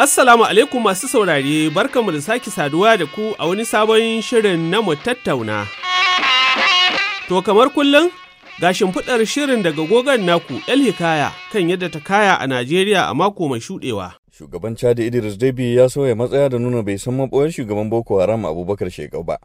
Assalamu alaikum masu saurare barkanmu da sake saduwa da ku a wani sabon shirin na mu tattauna. To kamar kullum ga shimfiɗar shirin daga gogon naku El Hikaya kan yadda ta kaya a Najeriya a mako mai shuɗewa. Shugaban Chad Idris Deby ya sauya matsaya da nuna bai san maɓoyar shugaban Boko Haram Abubakar Shekau ba.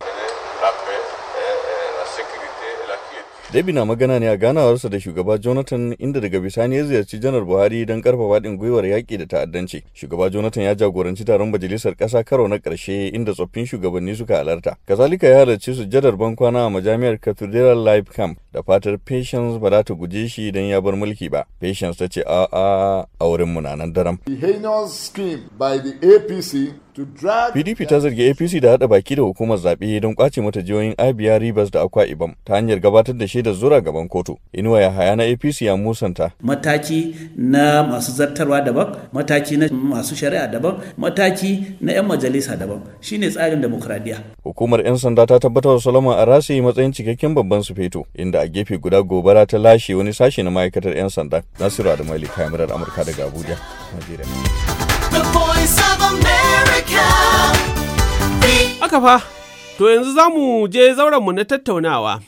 Debi na magana ne a ganawarsa da shugaba Jonathan inda daga bisani ya ziyarci janar Buhari don karfafa haɗin gwiwar yaƙi da ta'addanci. Shugaba Jonathan ya jagoranci taron majalisar ƙasa karo na ƙarshe inda tsoffin shugabanni suka halarta. Kazalika ya halarci jadar bankwana a majami'ar Cathedral Life Camp da fatar Patience ba za ta guje shi idan ya bar mulki ba. Patience ta ce a'a a wurin munanan daram. The heinous scheme by the APC PDP ta zargi APC da haɗa baki da hukumar zaɓe don kwace mata jiyoyin Abia Rivers da Akwa Ibom ta hanyar gabatar da shaidar zura gaban kotu. Inuwa ya haya na APC ya musanta. Mataki na masu zartarwa daban, mataki na masu shari'a daban, mataki na 'yan majalisa daban. Shine tsarin demokradiyya. Hukumar 'yan sanda ta tabbatar da Solomon yi matsayin cikakken babban su feto, inda a gefe guda gobara ta lashe wani sashe na ma'aikatar 'yan sanda. Nasiru Adamali, kamarar Amurka daga Abuja, Najeriya. Haka fa, to yanzu za mu je zaurenmu na tattaunawa.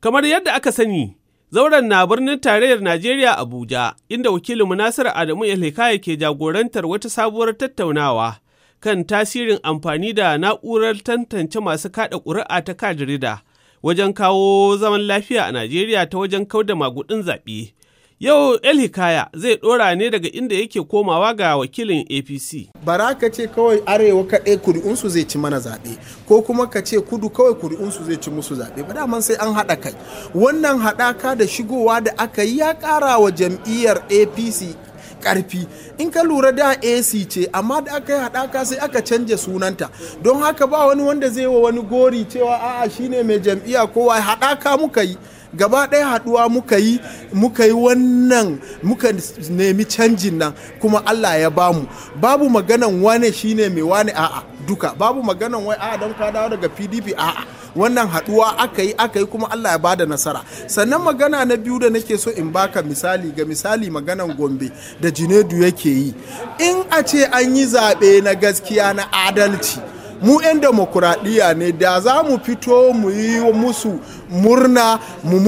Kamar yadda aka sani, zauren na birnin tarayyar Najeriya Abuja, inda Wakilin Nasir Adamu Elhikaya ke jagorantar wata sabuwar tattaunawa kan tasirin amfani da na'urar tantance masu kaɗa ƙuri'a ta kadirida wajen kawo zaman lafiya a Najeriya ta wajen kauda magudin zaɓe. Yau Elhikaya Hikaya zai ɗora ne daga inda yake komawa ga wakilin APC. Bara ce kawai arewa kaɗai kuri'unsu zai ci mana zaɓe ko kuma ka ce kudu kawai kuri'unsu zai ci musu zaɓe ba daman sai an haɗa kai. Wannan haɗaka da shigowa da aka yi ya ƙara wa jam'iyyar APC karfi in ka lura da ac ce amma da aka yi haɗaka sai aka canja sunanta don haka ba wani wanda zai wa wani gori cewa a'a shine mai jam'iyya kowa haɗaka muka yi gaba ɗaya haɗuwa muka yi muka yi wannan muka nemi canjin nan kuma Allah ya bamu babu maganan wane shine mai wane a'a duka babu maganan wai a'a don ka dawo daga PDP a'a wannan haɗuwa aka yi aka yi kuma Allah ya bada nasara sannan magana na biyu da nake so in baka misali ga misali maganan Gombe da Jinedu yake yi in a ce an yi zaɓe na gaskiya na adalci mu 'yan demokuraɗiyya ne da za mu fito mu yi musu murna mu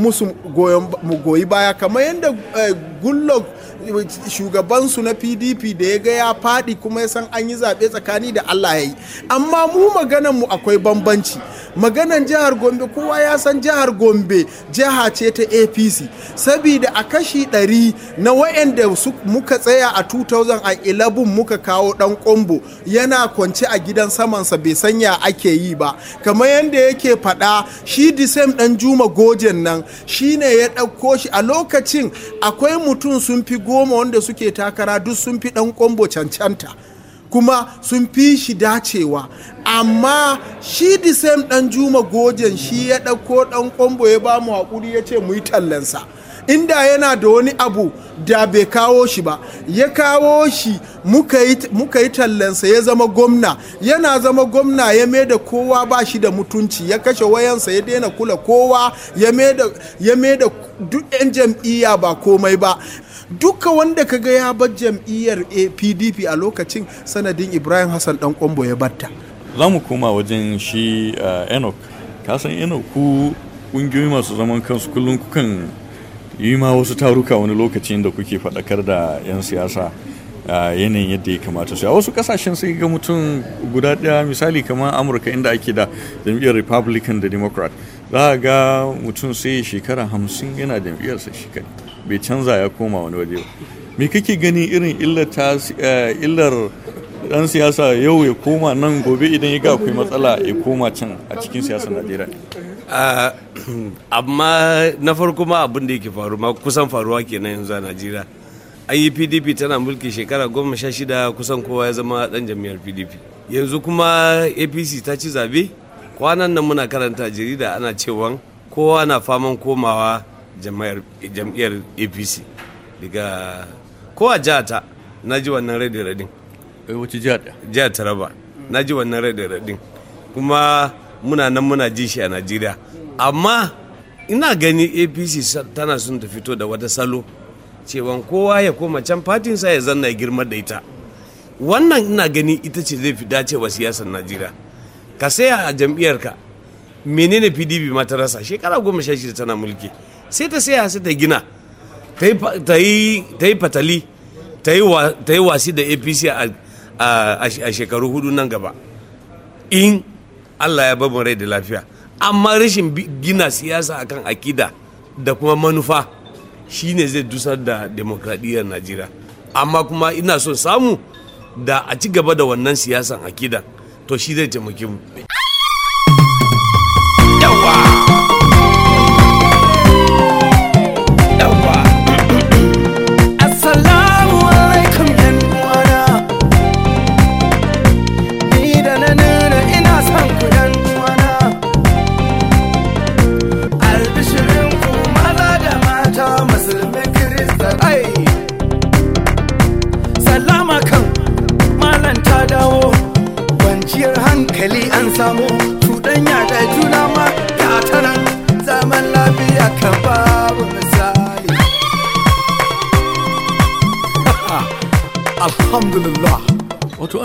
musu goyi baya kamar yadda eh, gullog shugabansu na pdp da ya ga ya faɗi kuma ya san an yi zaɓe tsakani da allah ya yi amma mu maganan mu akwai bambanci maganan jihar gombe kowa ya san jihar gombe jiha ce ta apc sabida a kashi ɗari na wayanda muka tsaya a a 2011 muka kawo ɗan kombo yana kwance a gidan samansa bai sanya ake yi ba kamar yadda yake faɗa shi disem ɗan juma gojen nan shi ne ya ɗauko shi a lokacin akwai mutum sun fi go goma wanda suke takara duk sun fi ɗan kombo cancanta kuma sun fi shi dacewa amma shi disem same ɗan juma gojen shi ya ɗauko ɗan kombo ya ba mu haƙuri ya ce mu yi tallansa inda yana da wani abu da bai kawo shi ba ya kawo shi muka yi tallansa ya zama gwamna yana zama gwamna ya mai da kowa ba shi da mutunci ya kashe wayansa ya daina kula kowa ya mai da duk 'yan jam'iyya ba komai ba duka wanda kaga ya bar jam'iyyar pdp a lokacin sanadin ibrahim hassan dan kwambo ya batta za mu koma wajen shi eh, enoch kasan enoch ku ƙungiyoyi masu zaman kansu kullum kukan yi ma wasu taruka wani lokacin da kuke faɗakar da 'yan siyasa a yanayin yadda ya kamata su a wasu kasashen sai ga mutum guda ɗaya misali kamar amurka inda ake da jam'iyyar republican da democrat za a ga mutum sai shekara hamsin yana jam'iyyarsa shekara bai canza ya koma wani waje ba me kake gani irin illar dan siyasa yau ya koma nan gobe idan ya ga akwai matsala ya koma can a cikin siyasar najeriya amma na farko ma abin da yake faru ma kusan faruwa kenan yanzu a najeriya an yi pdp tana mulki shekara goma sha shida kusan kowa ya zama dan jam'iyyar pdp yanzu kuma apc ta ci zabe kwanan nan muna karanta jarida ana cewa kowa na faman komawa jam'iyyar apc daga kowa jata na ji wannan rai da na ji wannan rai da radin kuma muna nan muna ji shi a najeriya amma ina gani apc tana sun ta fito da wata salo cewa kowa ya koma can fatinsa ya zanna ya girma da ita wannan ina gani ita ce zai fi dacewa siyasar najeriya ka saya a ka menene pdp ma ta rasa shekara goma sha shida tana mulki sai ta saya sai ta gina ta yi fatali ta yi wasi da apc a shekaru hudu nan gaba in allah ya babu rai da lafiya amma rashin gina siyasa akan akida da kuma manufa shine zai dusar da demokradiyyar najeriya amma kuma ina son samu da a ci gaba da wannan siyasan akida to shi zai taimake mu yawa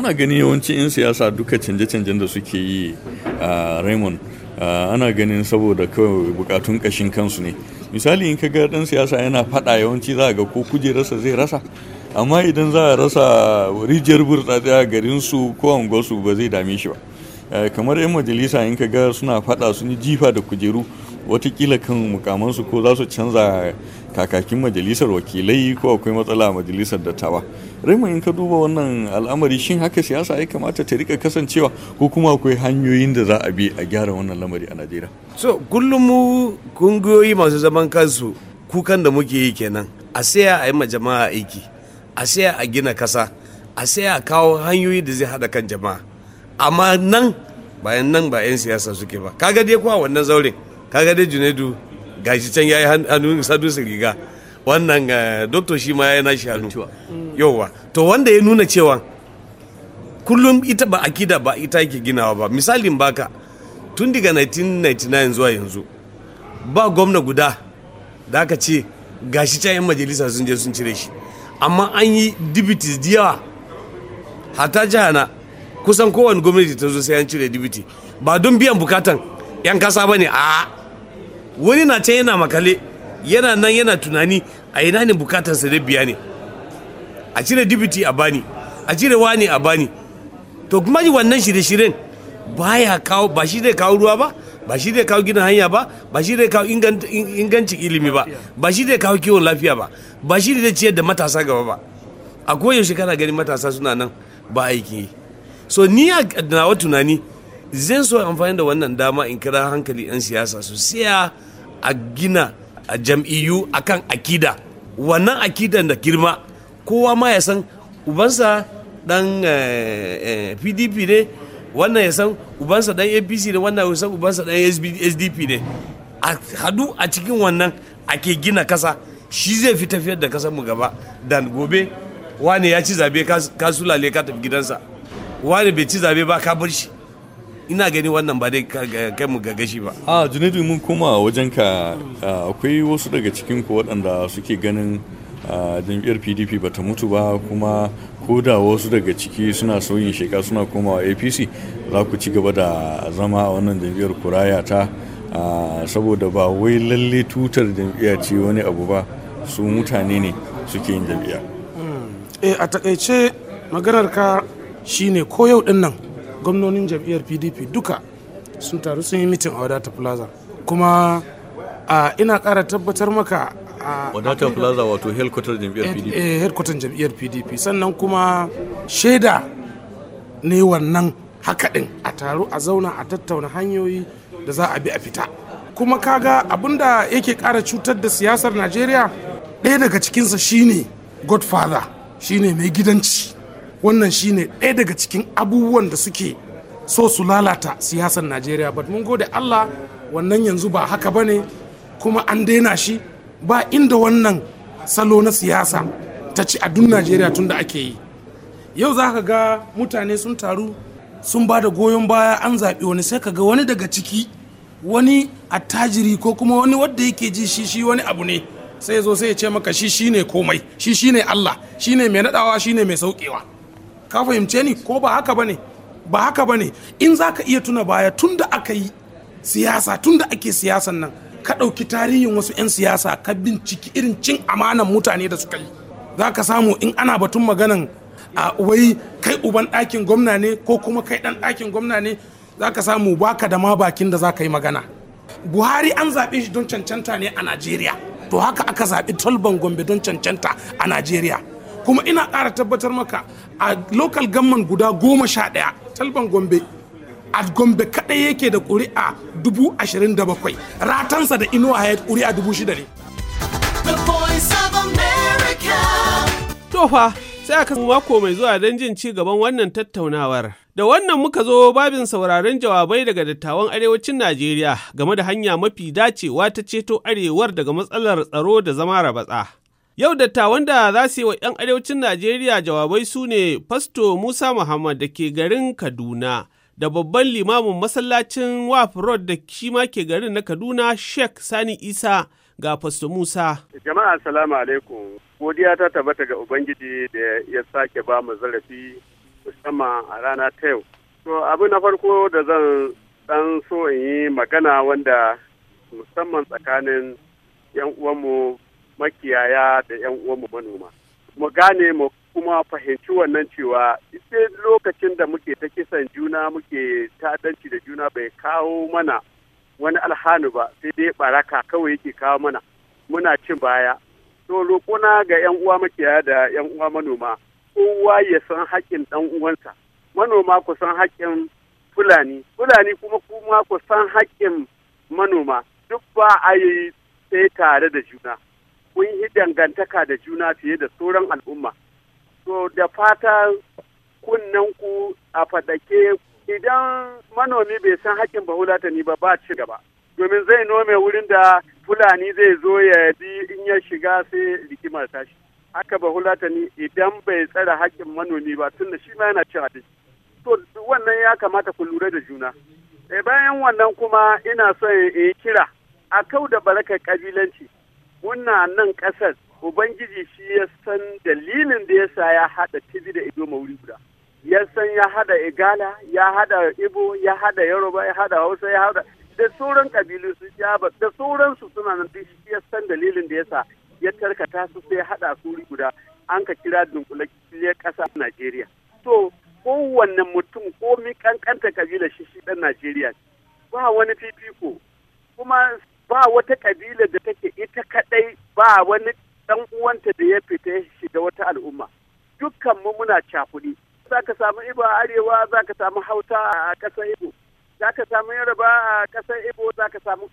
ana gani yawancin 'yan siyasa duka canje-canjen da suke yi a raymond ana ganin saboda kawai bukatun kashin kansu ne misali in ka ga dan siyasa yana fada yawanci za a ga ko kujerarsa zai rasa amma idan za a rasa rijiyar burtsatse a garinsu ko unguwarsu ba zai dame shi ba kamar 'yan majalisa in ka ga suna fada sun yi jifa da kujeru watakila kan mukamansu ko za su canza kakakin majalisar wakilai ko akwai matsala a majalisar dattawa Raymond in ka duba wannan al'amari shin haka siyasa ya kamata ta rika kasancewa ko kuma akwai hanyoyin da za a bi a gyara wannan lamari a Najeriya? So kullum mu kungiyoyi masu zaman kansu kukan da muke yi kenan a saya a yi ma jama'a aiki a saya a gina kasa a saya a kawo hanyoyi da zai hada kan jama'a amma nan bayan nan ba 'yan siyasa suke ba kaga dai kuwa wannan zaurin kaga dai junaidu gashi can ya yi hannun sadun riga wannan eh, doctor shi ma yana hannu yauwa to wanda ya nuna cewa kullum ita ba akida ba ita yake ginawa ba misalin baka tun daga 1999 zuwa yanzu ba gwamna guda da aka ce gashi can 'yan majalisa sun je sun cire shi amma an yi dibitis da yawa hata jihana kusan kowane gwamnati ta zo sai an cire dibiti ba don biyan bukatan 'yan kasa ba ne a wani na can yana makale yana nan yana tunani a ina ne bukatarsa da biya ne a cire dibiti a bani a cire wani a bani to kuma wannan shirye-shiryen baya kawo ba shi zai kawo ruwa ba ba shi zai kawo gina hanya ba ba shi zai kawo ingancin ilimi ba ba shi zai kawo kiwon lafiya ba ba shi zai ciyar da matasa gaba ba a koyaushe kana gani matasa suna nan ba aiki so ni a nawa tunani zan so amfani da wannan dama in kira hankali 'yan siyasa su siya a gina jam'iyyu akan akida wannan akidan da girma kowa ma ya san ubansa dan pdp eh, eh, ne wannan ya san ubansa dan apc ne wannan ya san ubansa dan sdp ne a hadu a cikin wannan ake gina kasa shi zai fi tafiyar da kasar mu gaba dan gobe wani ya ci zabe ka sulale ka tafi gidansa wani bai ci zabe ba ka bar shi ina gani wannan ba dai kai mu ga gashi ba a junaidu mun koma wajen ka akwai wasu daga cikin ku waɗanda suke ganin jam'iyyar pdp ba ta mutu ba kuma ko da wasu daga ciki suna sauyin sheka suna komawa apc za ku ci gaba da zama a wannan jam'iyyar kuraya ta saboda ba wai lalle tutar jam'iyya ce wani abu ba su mutane ne suke yin jam'iyya hmm. eh, a takaice maganar ka shine ko yau din nan gwamnonin jam'iyyar pdp duka sun taru sun yi mitin a wadata plaza kuma ina kara tabbatar maka wadata plaza wato headquarter jam'iyyar pdp eh, headquarter jam'iyyar pdp sannan kuma shaida ne wannan haka ɗin a taru a zauna a tattauna hanyoyi da za a bi a fita kuma kaga da yake ƙara cutar da siyasar najeriya ɗaya daga cikinsa shine godfather shine mai gidanci wannan shine ɗaya daga cikin abubuwan da suke so su lalata siyasar najeriya but mun gode allah wannan yanzu ba haka ba ne kuma an daina shi ba inda wannan salo na siyasa ta ci a duk najeriya tun da ake yi yau za ka ga mutane sun taru sun ba da goyon baya an zaɓi wani sai ka ga wani daga ciki wani attajiri ko kuma wani wadda yake ji shi shi wani abu ne sai zo sai ya ce maka shi shine komai shi shine allah shine mai naɗawa shine mai saukewa ka fahimce ni ko ba haka bane ba haka bane in za ka iya tuna baya tun da aka yi siyasa tun ake siyasan nan ka ɗauki tarihin wasu 'yan siyasa ka binciki irin cin amanan mutane da suka yi za ka samu in ana batun maganan a wai kai uban ɗakin gwamna ne ko kuma kai ɗan ɗakin gwamna ne za ka samu baka da ma bakin da za ka yi magana buhari an zaɓe shi don cancanta ne a najeriya to haka aka zaɓi tolban gombe don cancanta a najeriya kuma ina ƙara tabbatar maka a local gamman guda goma sha ɗaya talban gombe a gombe kaɗai yake da ƙuri'a dubu ashirin da bakwai ratansa da inuwa ya ƙuri'a dubu shida ne tofa sai aka mako mai zuwa don jin ci gaban wannan tattaunawar da wannan muka zo babin sauraron jawabai daga dattawan arewacin najeriya game da hanya mafi dacewa ta ceto arewar daga matsalar tsaro da zama rabatsa Yau dattawan da za su yi wa 'yan arewacin Najeriya jawabai su ne Fasto Musa Muhammad da ke garin Kaduna da babban limamin masallacin Waf Road da shi ma ke garin na Kaduna Sheikh Sani Isa ga Fasto Musa. Jama'a salamu alaikum. Godiya ta tabbata ga Ubangiji da ya sake ba mu zarafi musamman a rana ta yau. To abu na farko da zan dan so in yi magana wanda musamman tsakanin 'yan uwanmu makiyaya da 'yan uwanmu manoma mu gane mu kuma fahimci wannan cewa sai lokacin da muke ta kisan juna muke ta'addanci da juna bai kawo mana wani alhanu ba sai dai baraka kawai yake kawo mana muna cin baya to roƙona ga 'yan uwa makiyaya da 'yan uwa manoma kowa ya san haƙƙin ɗan uwansa manoma ku san haƙƙin fulani fulani kuma kuma ku san haƙƙin manoma duk ba a yi sai tare da juna kun yi dangantaka da juna fiye da sauran al'umma. So da fata kunnanku a fadake idan manomi bai san haƙƙin bahulata ni ba ba ci gaba. Domin zai nome wurin da Fulani zai zo ya bi in ya shiga sai rikimar tashi. Haka bahulata ni idan bai tsara haƙƙin manomi ba tunda shi ma yana cin abinci. To wannan ya kamata ku lura da juna. Eh, bayan wannan kuma ina son in kira a kau da barakar ƙabilanci. muna nan ƙasar ubangiji shi ya san dalilin da yasa ya haɗa tibi da ido wuri guda ya san ya haɗa igala ya haɗa ibo ya haɗa yoruba ya haɗa hausa ya haɗa da sauran kabilu su ba da sauran su suna nan duk shi ya san dalilin da yasa ya tarkata su sai haɗa su wuri guda an ka kira kiliyar ƙasa Najeriya. To kowanne mutum ko mi kankanta kabila shi shi ɗan Najeriya ba wani fifiko kuma ba wata kabila da take ita kadai ba wani dan uwanta da ya fita shiga wata al'umma dukkan mu muna cakuɗi za ka samu ibo a arewa za ka samu hauta a ƙasar ibo za ka samu yaraba a ƙasar ibo za ka samu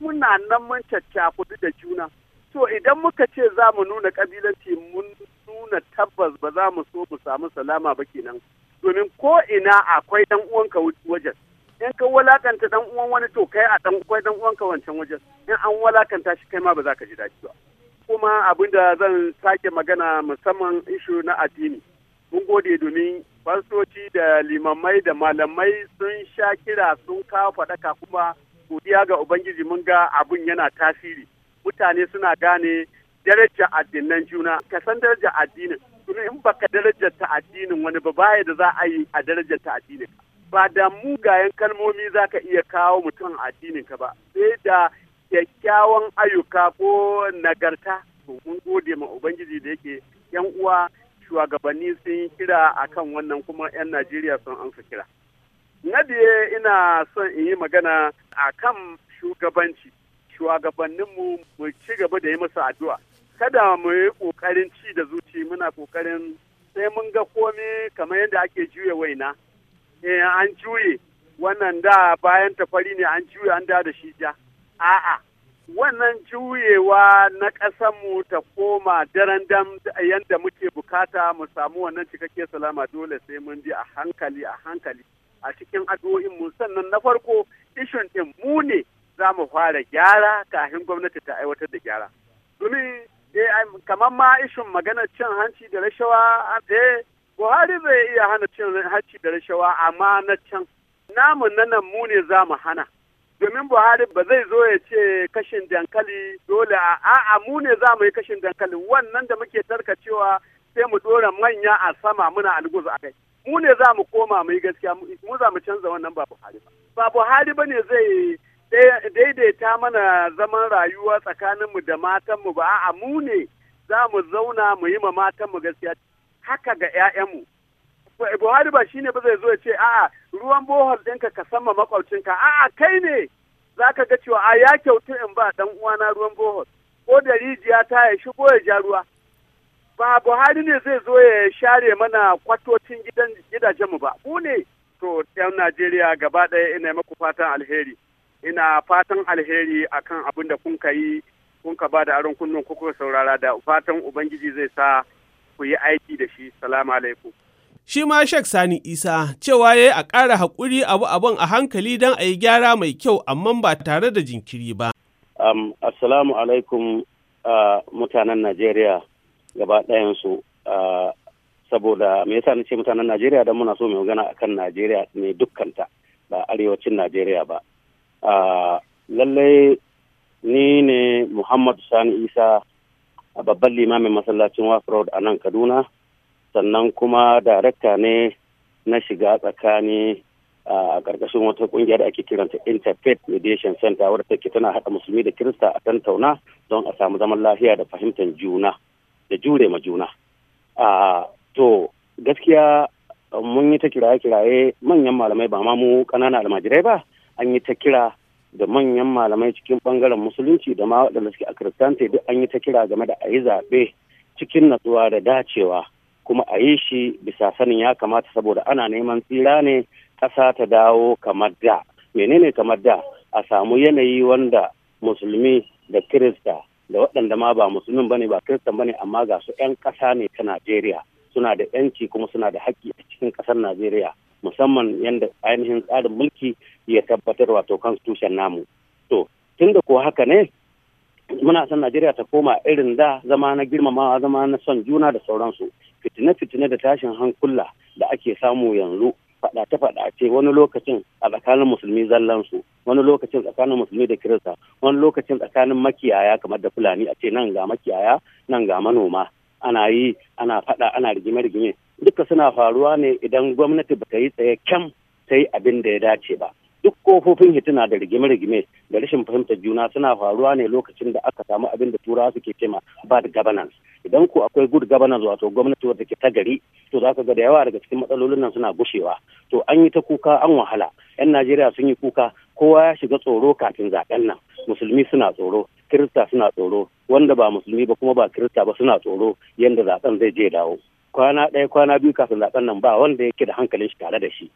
muna nan mun caccakudu da juna to idan muka ce za mu nuna ƙabilanci mun nuna tabbas ba za mu so mu samu salama ba kenan domin ko ina akwai dan uwanka wajen in ka walakanta dan uwan wani to kai a dan kwai dan uwanka wancan wajen in an walakanta shi kai ma ba za ka ji daɗi ba kuma abin da zan sake magana musamman ishu na addini mun gode domin fastoci da limamai da malamai sun sha kira sun kawo faɗaka kuma godiya ga ubangiji mun ga abin yana tasiri mutane suna gane daraja addinan juna ka san daraja addinin in baka darajar ta addinin wani ba baya da za a yi a darajar ta addinin ba da mugayen kalmomi za ka iya kawo mutum a ka ba sai da kyakkyawan ayyuka ko nagarta mun gode ma ubangiji da yake yan uwa shugabanni sun kira akan wannan kuma yan najeriya sun amsa kira na biye ina son in yi magana akan shugabanci shugabanninmu mu ci gaba da yi masa addu'a kada mu yi ƙoƙarin ci da zuci muna ƙoƙarin sai mun ga komi kamar yadda ake juya waina Eh, an juye wannan da bayan tafari ne an juye an da da shi ja a'a wannan juyewa na ƙasanmu ta koma daren dam yadda muke bukata mu samu wannan cikakke salama dole sai mun ji a hankali a hankali a cikin addu'o'in mu sannan na farko ishin ɗin mu ne za mu fara gyara kafin gwamnati ta aiwatar da gyara domin eh, kamar ma ishin maganar cin hanci da rashawa a eh, Buhari zai iya hana cin hacci da rashawa amma na can. namun na nan mu ne za mu hana. Domin Buhari ba zai zo ya ce kashin dankali dole a a'a mu ne za mu yi kashin dankali wannan da muke tarkacewa sai mu dora manya a sama muna alguzu a kai. Mu ne za mu koma mu yi gaskiya mu za mu canza wannan ba Buhari ba. Ba Buhari ba ne zai daidaita mana zaman rayuwa tsakaninmu da matanmu ba a'a mu ne za mu zauna mu yi ma matanmu gaskiya haka ga 'ya'yanmu. Buhari ba shine ba zai zo ya ce a'a ruwan bohol ɗinka ka sama makwabcinka a'a kai ne za ka ga cewa a ya kyautu in ba ɗan uwana ruwan bohol ko da rijiya ta ya shigo ya ja ruwa ba Buhari ne zai zo ya share mana kwatocin gidajenmu ba mu ne to yan Najeriya gaba ɗaya ina maku fatan alheri ina fatan alheri akan abin da kun ka yi kun ka ba da aron kunnen kuka saurara da fatan ubangiji zai sa ku yi aiki da shi salamu alaikum shi ma shek Sani Isa cewa ya yi a ƙara haƙuri abu abun a hankali don a yi gyara mai kyau amma ba tare da jinkiri ba. Um, assalamu alaikum uh, mutanen Najeriya gaba ɗayansu saboda me yasa ce mutanen Najeriya don muna so mai magana akan Najeriya ne dukkanta ba arewacin Najeriya ba. Uh, Lallai ni ne Muhammadu Sani Isa a babban limamin masallacin wafrod a nan kaduna sannan kuma darakta ne na shiga tsakani a ƙarƙashin wata ƙungiyar da ake kiranta interfaith mediation center wadda take tana haɗa musulmi da kirista a tantauna don a samu zaman lafiya da fahimtar juna da jure ma juna to gaskiya mun yi ta kiraye-kiraye manyan malamai ba ma mu ƙananan almajirai ba an yi ta kira da manyan malamai cikin bangaren musulunci da ma waɗanda suke a kiristante duk an yi ta kira game da a yi zaɓe cikin natsuwa da dacewa kuma a yi shi bisa sanin ya kamata saboda ana neman tsira ne ƙasa ta dawo kamar da menene kamar da a samu yanayi wanda musulmi da kirista da waɗanda ma ba musulmin bane ba kirista bane amma ga su 'yan ƙasa ne ta najeriya suna da 'yanci kuma suna da haƙƙi a cikin ƙasar najeriya musamman yadda ainihin tsarin mulki ya tabbatar wato constitution namu to tun da ko haka ne muna san najeriya ta koma irin da zama na girmamawa zama na son juna da sauransu fitine-fitine da tashin hankula da ake samu yanzu faɗace-faɗace wani lokacin a tsakanin musulmi zallansu wani lokacin tsakanin musulmi da kirista wani lokacin tsakanin makiyaya kamar da fulani a ce nan ga makiyaya nan ga manoma ana yi ana faɗa ana rigime-rigime duka suna faruwa ne idan gwamnati ba ta yi tsaye kyam ta yi abin da ya dace ba duk kofofin hituna da rigime-rigime da rashin fahimtar juna suna faruwa ne lokacin da aka samu abin da turawa suke cema bad governance idan ko akwai good governance wato gwamnati wadda ke ta gari to za ka ga da yawa daga cikin matsalolin nan suna gushewa to an yi ta kuka an wahala yan najeriya sun yi kuka kowa ya shiga tsoro kafin zaɓen nan musulmi suna tsoro kirista suna tsoro wanda ba musulmi ba kuma ba kirista ba suna tsoro yadda zaben zai je dawo kwana ɗaya kwana biyu kafin zaɓen nan ba wanda yake da hankalin shi tare da shi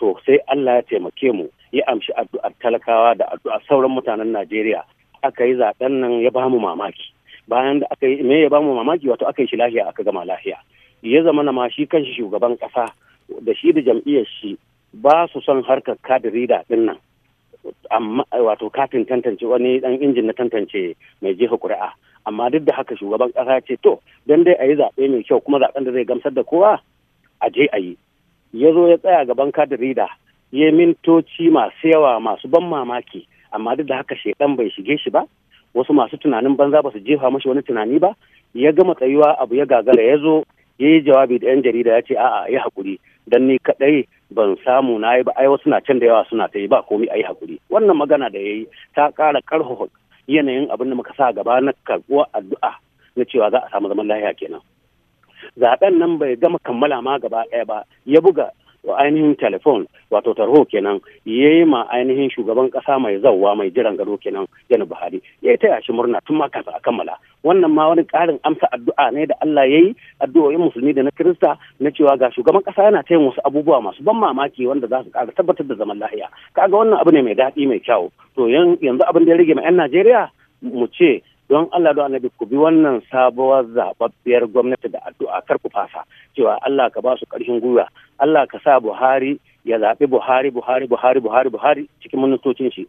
to sai Allah ya taimake mu ya amshi addu'ar talakawa da addu'ar sauran mutanen Najeriya aka yi zaɓen nan ya ba mu mamaki bayan da aka yi me ya ba mu mamaki wato aka yi shi lahiya aka gama lahiya ya zama na ma shi kanshi shugaban ƙasa da shi da jam'iyyar shi ba su son harkar kadiri da din nan amma wato kafin tantance wani dan injin na tantance mai jefa ƙuri'a amma duk da haka shugaban kasa ya ce to dan dai a yi zaɓe mai kyau kuma zaɓen da zai gamsar da kowa a je a yi ya zo ya tsaya gaban kadirida ya mintoci masu yawa masu ban mamaki amma duk da haka shekan bai shige shi ba wasu masu tunanin banza ba su jefa mashi wani tunani ba ya gama tsayuwa abu ya gagara ya zo ya yi jawabi da yan jarida ya ce a'a ya hakuri dan ni kaɗai ban samu na yi ba ai wasu na can da yawa suna ta yi ba komi a yi haƙuri wannan magana da ya yi ta ƙara ƙarfafa yanayin abin da muka sa gaba na karɓuwa addu'a na cewa za a samu zaman lafiya kenan zaben nan bai gama kammala ma gaba ɗaya ba ya buga wa ainihin telefon wato tarho kenan ya yi ma ainihin shugaban kasa mai zauwa mai jiran gado kenan yana buhari ya yi taya shi murna tun maka a kammala wannan ma wani karin amsa addu'a ne da allah ya yi addu'o'in musulmi da na kirista na cewa ga shugaban kasa yana tayin wasu abubuwa masu ban mamaki wanda za su kara tabbatar da zaman lahiya kaga wannan abu ne mai daɗi mai kyau to yanzu abin da ya rage ma 'yan najeriya mu ce don Allah da annabi ku bi wannan sabuwar zababbiyar gwamnati da addu'a kar ku fasa cewa Allah ka ba su ƙarfin gwiwa Allah ka sa Buhari ya zaɓi buhari buhari buhari buhari buhari cikin ministocin shi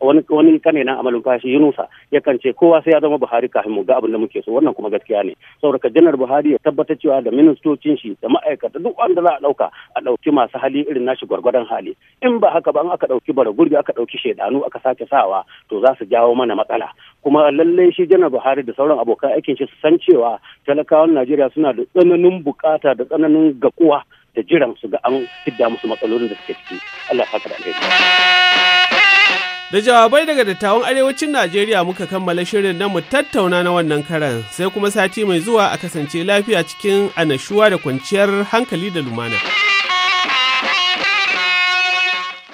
wani wani kane nan amalin kashi yunusa yakan ce kowa sai ya zama buhari kafin mu ga abin da muke so wannan kuma gaskiya ne saboda janar buhari ya tabbatar cewa da ministocin shi da ma'aikata duk wanda za a ɗauka a ɗauki masu hali irin nashi gwargwadon hali in ba haka ba in aka ɗauki bara gurbi aka ɗauki shaidanu aka sake sawa to za su jawo mana matsala kuma lallai shi janar buhari da sauran abokan aikin shi su san cewa talakawan najeriya suna da tsananin bukata da tsananin gakuwa da jiran su ga an fidda musu matsalolin da suke ciki Allah ya da alheri Da jawabai daga dattawan arewacin Najeriya muka kammala shirin na mu tattauna na wannan karan sai kuma sati mai zuwa a kasance lafiya cikin anashuwa da kwanciyar hankali da lumana.